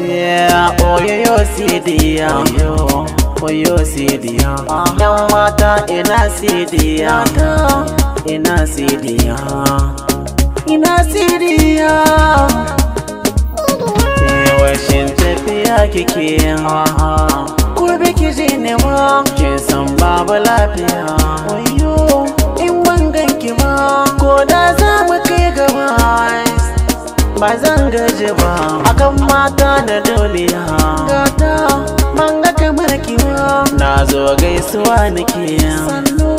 Yeah, oyo yo sidiya oyo mata ina sidiya ina sidiya ina sidiya Washin tafiya kike ku biki ji ne ma san babu lafiya oyo in ban ganki ba ko da za mu kai gaba ba zan gaji ba akan mata da duniya gata ban ga kamar ki na zo gaisuwa nake sannu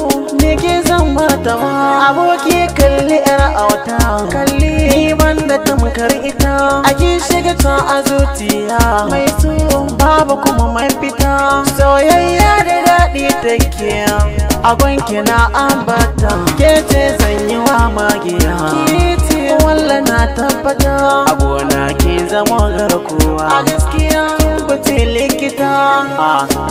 ne ke zan mata ba aboki kalli yar auta kalli ni ban da tamkar ita a kin shiga ta a zuciya mai so babu kuma mai abanki na ambata ke ce wa magiya kiti walla na tabbata abona ke zama garkuwa a gaskiya kuce likita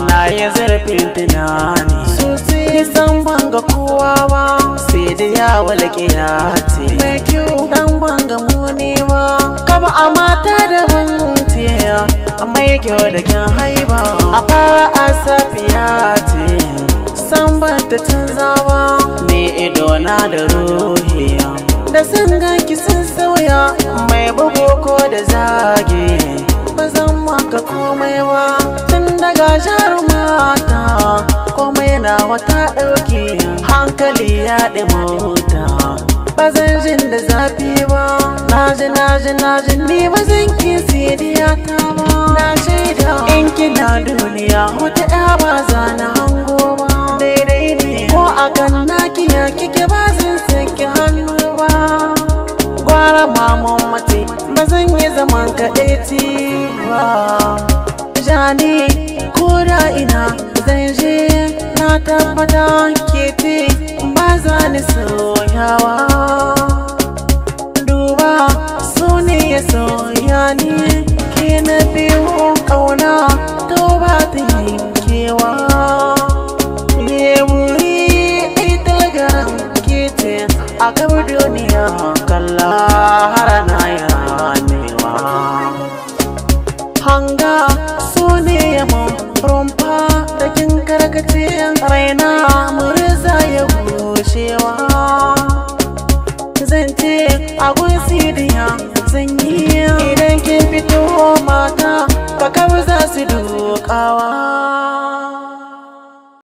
na yi zarafin tunani sosai san banga kowa ba sai da yawa laƙiya ce mai kyau dan banga muni ba kama a mata da hantiya amma yake da kyan haiba a fara a safiya ce ba ta canzawa ni na da ruhiya da san ki sun sauya mai bugu ko da zage ba zan maka komai ba tun daga mata komai na wata ɗauki hankali ya ɗi mota ba zan jin da zafi ba na ji na ji na ji ni ba zan ki sidiya ta ba na shaida in kina duniya wata ya ba tabbata ke ce ba za ni sauyawa I zance see the young